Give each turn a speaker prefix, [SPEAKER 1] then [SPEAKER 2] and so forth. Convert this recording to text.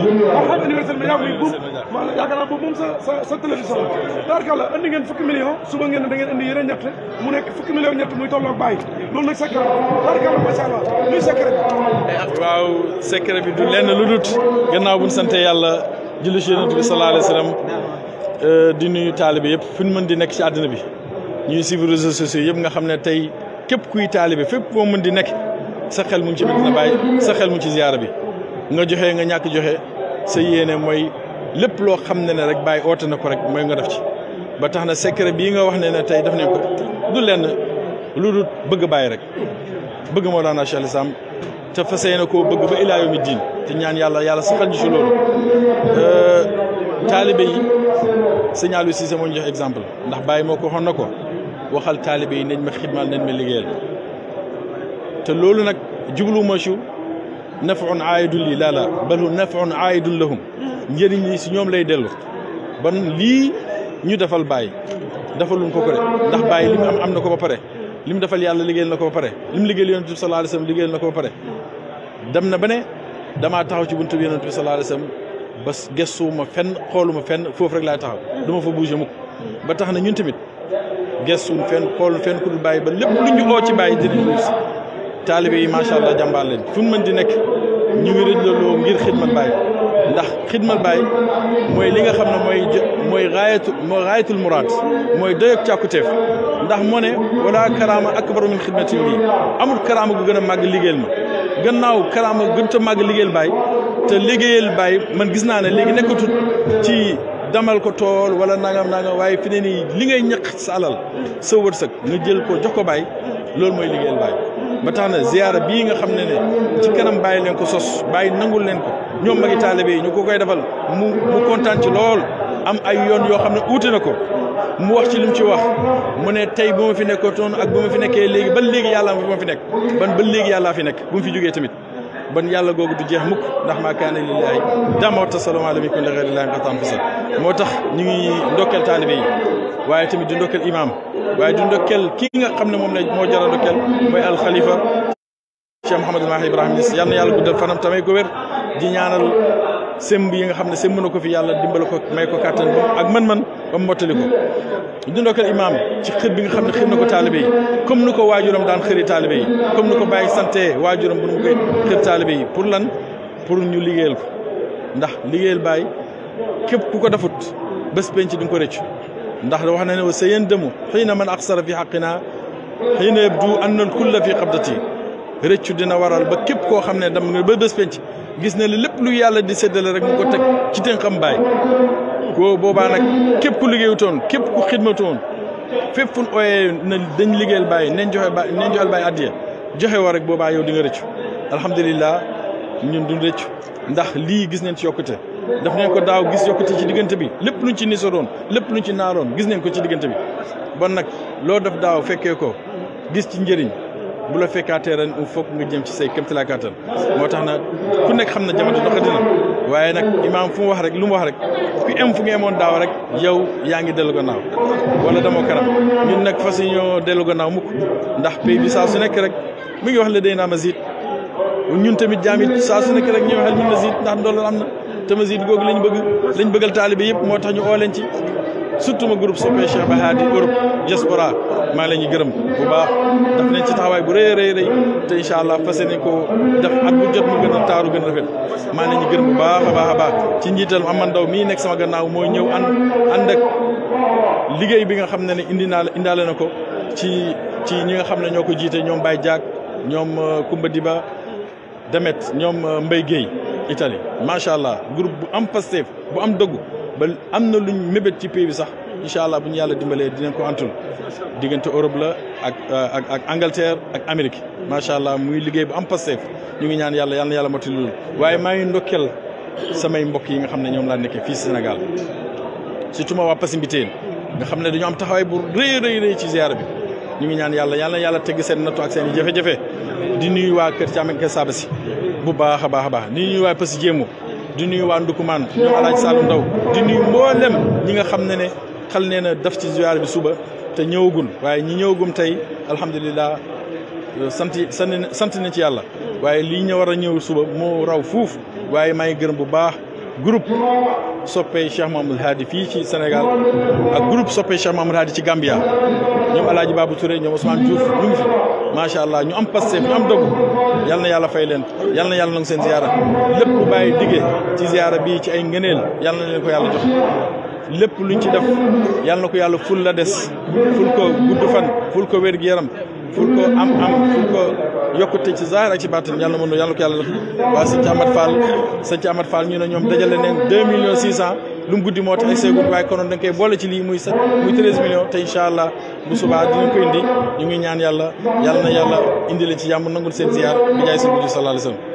[SPEAKER 1] buub moo ngeen fukki million suba ngeen da ngeen andi yeneen ñett mu nekk fukki million ñett muy tolloog bàyyi loolu nag secret bi waaw secret bi du lenn lu dut gannaaw buñ sante yàlla julli ci bi sallallahu alayhi wa sallam euh, di nuyu yëpp fu ñu mën di nekk ci àddina bi ñuy suivre réseaux yëpp nga xam ne tey képp kuy taalibe fépp boo mën di nekk sa xel mu ngi ci Medina Baye sa xel mu ngi ci ziyaara bi nga joxe nga ñàkk joxe sa yéene mooy lépp loo xam ne ne rek bàyyi oote na ko rek mooy nga def ci ba tax na secret bii nga wax ne ne tey def nañ ko du lenn lu du bëgg bàyyi rek bëgg moo daana Cheikh Islam te fas yéene koo bëgg ba ilaa yawmi diin te ñaan yàlla yàlla saxal ñu ci loolu euh, taalibe yi signal aussi sama ñu jox exemple ndax bàyyi moo ko xon na ko waxal taalibe yi nañ ma xidmaal nañ ma liggéeyal te loolu nag jublu ma nafun aayidun lii laa laa bal hu nafun aayidun lahum njëriñ li si ñoom lay dellu ban lii ñu defal baay defaluñ ko ko de ndax baay li am am na ko ba pare li mu defal yàlla liggéeyal na ko ba pare li mu liggéeyal yonent bi sallallahu alayhi wasallam liggéeyal na ko ba pare dem na ba ne damaa taxaw ci bunt bi yonent bi sallallahu alayhi wasallam ba gëstuwuma fenn xooluma fenn foofu rek laay taxaw duma ma fa bougé mukk ba tax na ñun tamit gëstuwuñ fenn xoolul fenn ku dul bàyyi ba lépp lu ñu oo ci bàyyi dinañ taalibe yi macha allah jàmbaar leen fu mën di nekk ñu ngi rëjlaloo ngir xidmal baay ndax xidmal baay mooy li nga xam ne mooy mooy raayatu mooy raayatul muraad mooy doyog càkkuteef ndax moo ne wala karaama akbaru min xidmatin lii amul karaama gu gën a màgg liggéeyal ma gannaaw karaama gën a màgg liggéeyal baay te liggéeyal baay man gis naa ne léegi nekkatut ci damal ko tool wala nangam nangam waaye fi ne nii li ngay ñaq sa alal sa wërsëg nga jël ko jox ko baay loolu mooy liggéeyal baay ba tax na ziyaara bii nga xam ne ne ci kanam bàyyi leen ko sos bàyyi nangul leen ko ñoom magi taalibe yi ñu ko koy defal mu mu kontaan ci lool am ay yoon yoo xam ne uute na ko mu wax ci li ci wax mu ne tey bu ma fi nekkoon ak bu ma fi nekkee léegi ban léegi yàlla bu ma fi nekk ban ba léegi yàllaa fi nekk bu mu fi jógee tamit ban yàlla googu du jeex mukk ndax maa kaana lillaahi dama tasalama lam yakun li ghayrillaahi qatan fasa moo tax ñu ngi ndokkeel taalibe yi waaye tamit di ndokkeel imaam waaye du ndokkeel ki nga xam ne moom la moo jara ndokkeel mooy alxalifa Cheikh Mouhamadul Mahi Ibrahima Niass yal na yàlla guddal fanam tamay ko wér di ñaanal sëmb yi nga xam ne sëmb na ko fi yàlla dimbale ko may ko kàttan ba ak man mën ba mu mottali ko du ndokkeel imaam ci xër bi nga xam ne xër na ko taalibe yi comme ni ko waajuram daan xëri taalibe yi comme ni ko bàyyi santé waajuram bu nu mu koy xër taalibe yi pour lan pour ñu liggéeyal ko ndax liggéeyal bàyyi képp ku ko defut bés penc di nga ko rëccu ndax wax na ne wa sa yéen demu xëy na man aksara fi xaqinaa xëy na yëpp du àndal kulla fi xabdati rëccu dina waral ba képp koo xam ne dam nga ba bés penc gis na ne lépp lu yàlla di séddale rekk mu ko teg ci tënkam baay ko booba nag képp ku liggéeyutoon képp ku xidmatoon fépp fu ooyee na dañ liggéeyal bàyyi nañ joxe ba nañ joxel bàyyi addiya joxe war rek boobaa yow di nga rëccu alhamdulilah ñun duñ rëccu ndax lii gis nañ ci yokkute def nañ ko daaw gis yokkute ci diggante bi lépp luñ ci nisaroon lépp luñ ci naaroon gis nañ ko ci diggante bi bon nag loo def daaw fekkee ko gis ci njëriñ bu la fekkaatee ren il faut nga jëm ci say kéemtalaay kàttan moo tax na ku nekk xam na jamono doxatina waaye nag imaam fu mu wax rek lu mu wax rek ku em fu ngeen moon daaw rek yow yaa ngi dellu gannaaw wala dama kanam ñun nag fas yi ñoo dellu gannaaw mukk ndax pays bi saa su nekk rek mu ngi wax la day naa ma ziit ñun tamit jaam it su nekk rek ñu wax la ñu tamasid googu lañ bëgg lañ bëggal taalibe yëpp moo tax ñu oo leen ci surtout ma groupe soppee Cheikh Baha di Europe diaspora maa la ñuy gërëm bu baax daf nañ ci taxawaay bu rëy rëy rëy te incha allah fas yéene koo def at bu jot mu gën a taaru gën a rafet maa la ñuy gërëm bu baax a baax a baax ci njiital Amane Ndaw mii nekk sama gannaaw mooy ñëw ànd ak liggéey bi nga xam ne ne indi naa indaale na ko ci ci ñi nga xam ne ñoo ko jiite ñoom bay Diak ñoom Kumba euh, Diba Demet ñoom euh, Mbaye Italie macha allah group bu am Pastef bu am dëggu ba am na luñ mébét ci pays bi sax incha allah bu ñu yàlla dimbalee dinañ ko antul diggante Europe la ak ak ak Angleterre ak Amérique macha allah muy liggéey bu am Pastef ñu ngi ñaan yàlla yàlla na yàlla mottali loolu waaye maa ngi ndokkeel samay mbokk yi nga xam ne ñoom laa nekkee fii senegal surtout ma waa Passy Mbitène nga xam ne dañoo am taxawaay bu rëy rëy ci ziar bi ñu ngi ñaan yàlla yal yàlla tegg seen nattu ak seen i di nuyu waa kër Thiamène Kër Sabasi bu baax a baax a baax ni ñuy waa Passy Jéemu di nuyu waa Ndukumaan ñoom alaaj Saalum Ndaw di nuyu mboolem ñi nga xam ne ne xal nee na daf ci ziar bi suba te ñëwagul waaye ñi ñëw ñëwagum tey alhamdulilah euh, sant sant na ci yàlla waaye lii ñu war suba moo raw fuuf waaye maa ngi bu baax groupe soppe Cheikh Mamadou Hadi fii ci Sénégal ak groupe soppe Cheikh Mamadou ci Gambia ñoom El baabu Babou Touré ñoom Ousmane Diouf ñu ngi fi macha allah ñu am passé ñu am dogu yal na yàlla fay leen yal na yàlla nangu seen ziyaara lépp lu bàyyi diggee ci ziyaara bi ci ay ngëneel yal na leen ko yàlla jox. lépp luñ ci def yal na ko yàlla ful la des ful ko gudd fan ful ko wér-gu-yaram ful ko am am ful ko yokkute ci zaahir ak ci baatin yàlla mën na yàlla ko yàlla def waa sëñ ci Amat Fall sëñ Amat Fall ñu ne ñoom dajale neen deux millions six cent lu mu guddi moo tax egseegul waaye konoon da boole ci lii muy sept muy treize te incha allah bu subaa dinañ ñu ngi ñaan yàlla yàlla na yàlla indi la ci yàmm nangul seen ziyaar bi jaay seen guddi sallallahu alayhi wa